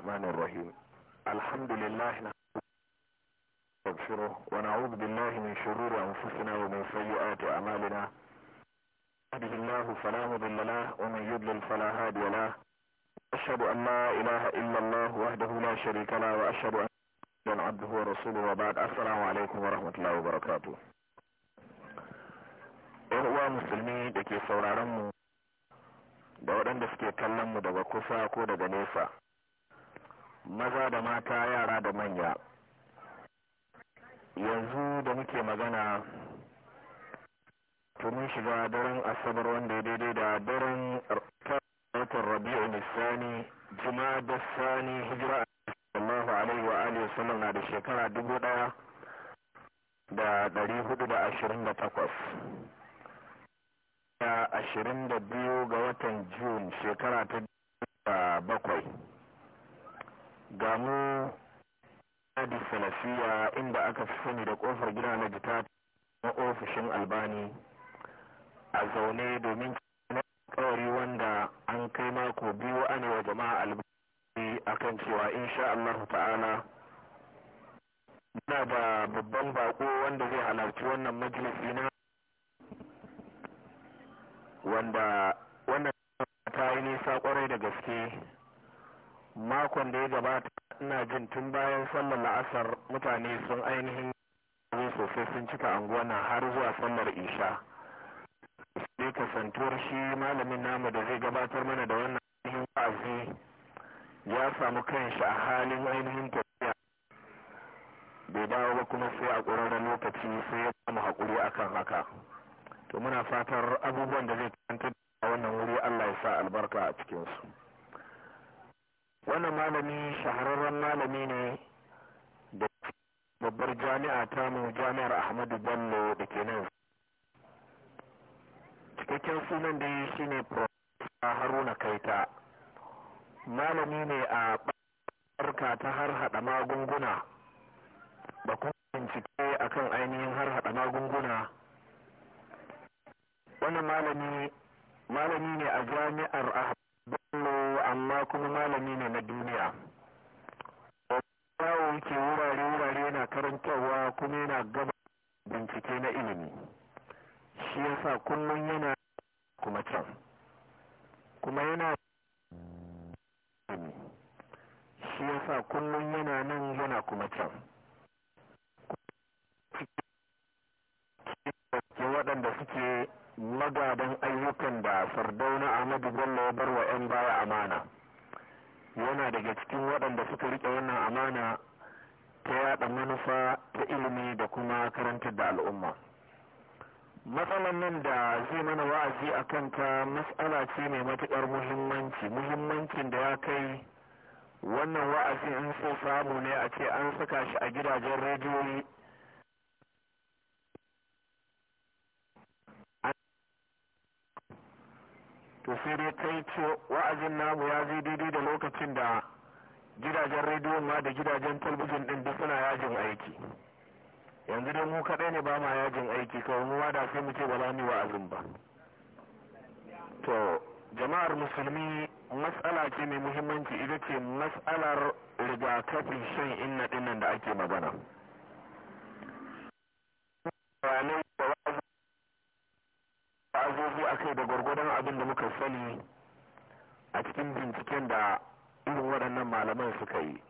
الرحمن الرحيم الحمد لله نستغفره ونعوذ بالله من شرور أنفسنا ومن سيئات أعمالنا يهده الله فلا مضل له ومن يضلل فلا هادي له أشهد أن لا إله إلا الله وحده لا شريك له وأشهد أن عبده ورسوله وبعد السلام عليكم ورحمة الله وبركاته ‘Yan مسلمين musulmi da ke sauraronmu da waɗanda suke kallonmu daga kusa ko daga nesa. maza da mata yara da manya yanzu da muke magana tunin shiga daren asabar wanda ya daidai da daren watan rabi'u nisani jima da sani hijira sallahu alaihi wa alihi wasallam na da shekara dubu daya da dari hudu da ashirin da takwas da ashirin da biyu ga watan jun shekara ta bakwai ga mu adi salafiya inda aka fi sani da kofar gida na jita na ofishin albani a zaune domin na kawari wanda an kai mako biyu ana wa jama'a albani kan cewa insha Allah ta'ala na da babban bako wanda zai halarci wannan majalisi na wanda wannan ta yi nisa kwarai da gaske makon da ya gabata ina jin tun bayan sallar la'asar mutane sun ainihin yi sosai sun cika anguwana har zuwa sallar isha sai kasantuwar shi malamin namu da zai gabatar mana da wannan ainihin ba'azi ya samu kanshi a halin ainihin tafiya bai dawo ba kuma sai a ƙwararren lokaci sai ya samu haƙuri akan haka to muna fatar abubuwan da zai kantar a wannan wuri allah ya sa albarka a cikinsu wannan malami shahararren malami ne da babbar jami'a ta mu jami'ar ahmadu bello da ke nan cikakken sunan da yi shine haruna kaita malami ne a barka ta har hada magunguna da kuma bincike akan ainihin har hada magunguna wannan malami malami ne a jami'ar ahmadu bello amma kuma malami ne na duniya yawo yake wurare-wurare yana karantarwa kuma yana gaba bincike na ilimi shi yasa kullum yana kuma can kuma yana shi yasa kullum yana nan yana kuma can Kuma yana waɗanda suke magadan ayyukan da sardauna ahmadu bello ya bar wa 'yan baya amana yana daga cikin waɗanda suka riƙe wannan amana ta yaɗa manufa ta ilimi da kuma karantar da al'umma matsalan nan da zai mana wa'azi a kanta matsala ce mai matuƙar muhimmanci muhimmancin da ya kai wannan wa'azi in so samu ne a ce an saka shi a gidajen rediyoyi to sai dai kai ce wa'azin namu ya zai daidai da lokacin da gidajen rediyo ma da gidajen talbijin din duk suna yajin aiki yanzu dai mu kaɗai ne ba ma yajin aiki kawai mu da sai mu ce ba za wa'azin ba to jama'ar musulmi matsala ce mai muhimmanci ita ce matsalar rigakafin shan inna dinnan da ake magana maganganu a kai da gwargwadon abin da muka sani a cikin binciken da irin waɗannan malaman suka yi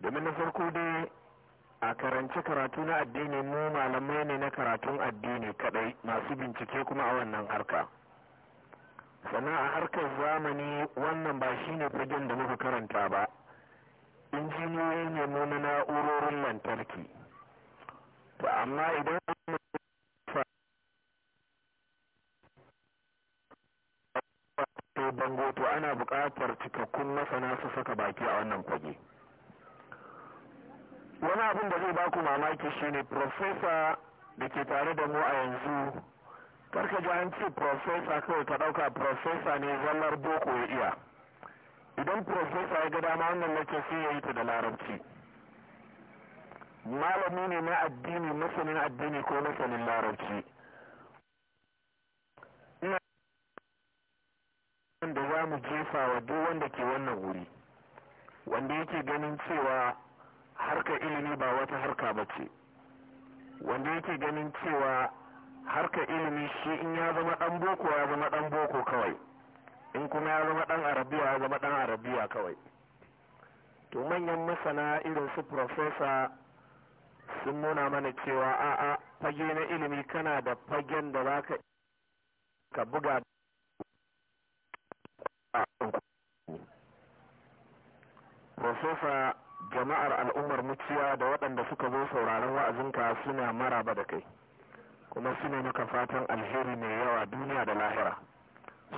domin na farko dai a karance karatu na addini mu malamai ne na karatun addini kadai masu bincike kuma a wannan harka sannan a harkar zamani wannan ba shine fagen da muka karanta ba injiniyoyi ne mu na na'urorin lantarki to amma idan kai bango to ana buƙatar cikakkun masana su saka baki a wannan fage wani abin da zai baku mamaki shine profesa da ke tare da mu a yanzu karka ji an ce profesa kawai ka ɗauka profesa ne zallar boko ya iya idan profesa ya ga dama wannan sai ya yi ta da larabci malami ne na addini masanin addini ko masanin larabci mu jefa wa duk wanda ke wannan wuri wanda yake ganin cewa harka ilimi ba wata harka ba ce wanda yake ganin cewa harka ilimi shi in ya zama dan boko ya zama dan boko kawai in kuma ya zama dan arabiya ya zama dan arabiya kawai to manyan masana irin su professor sun nuna mana cewa a'a fage na ilimi kana da fagen da za ka buga sofa jama'ar al'ummar muciya da waɗanda suka zo sauraron wa'azinka suna maraba da kai kuma suna maka fatan alheri mai yawa duniya da lahira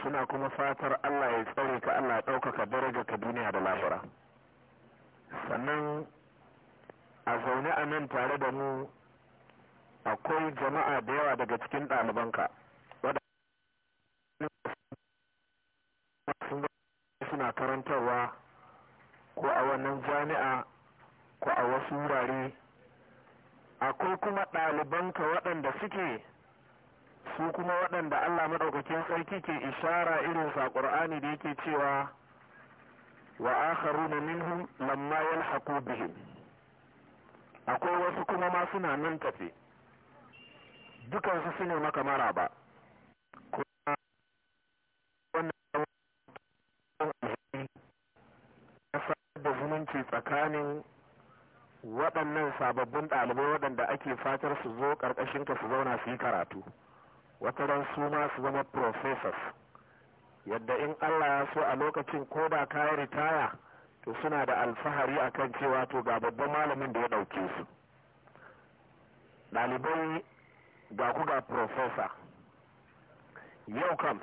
suna kuma fatar allah ya tsare ka allah ya ɗaukaka daraja ka duniya da lahira sannan a zaune a nan tare da mu akwai jama'a da yawa daga cikin ɗalibanka suna karantarwa ko a wannan jami'a ko a wasu wurare akwai kuma ɗalibanka waɗanda suke su kuma waɗanda Allah maɗaukakin sarki ke ishara irin sa ƙur'ani da yake cewa wa akharuna minhum lamma yalhaqu bihim akwai wasu kuma ma suna nan tafe dukansu su ne maka ba tsakanin waɗannan sababbin ɗalibai waɗanda ake fatar su zo ƙarƙashinka su zauna su yi karatu wata ran su ma su zama professors yadda in Allah ya so a lokacin ko da kayan ritaya to suna da alfahari akan cewa to ga babban malamin da ya ɗauke su ɗalibai ga ku ga profesa yau kam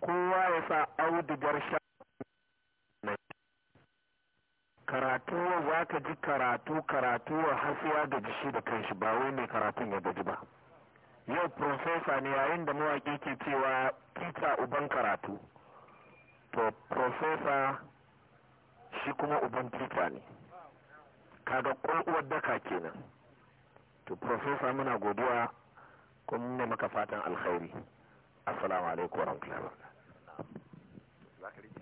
kowa ya sa audugar sha karatu za ka ji karatu karatu wa hasuwa da jishi da kanshi ba wai mai karatun ya gaji ba yau profesa ne yayin da mawaƙi ke cewa kita uban karatu to profesa shi kuma uban kita ne kaga ƙwarƙuwar daka kenan to profesa muna godiya kuma ne maka fatan alkhairi assalamu alaikum warahmatullahi wabarakatuh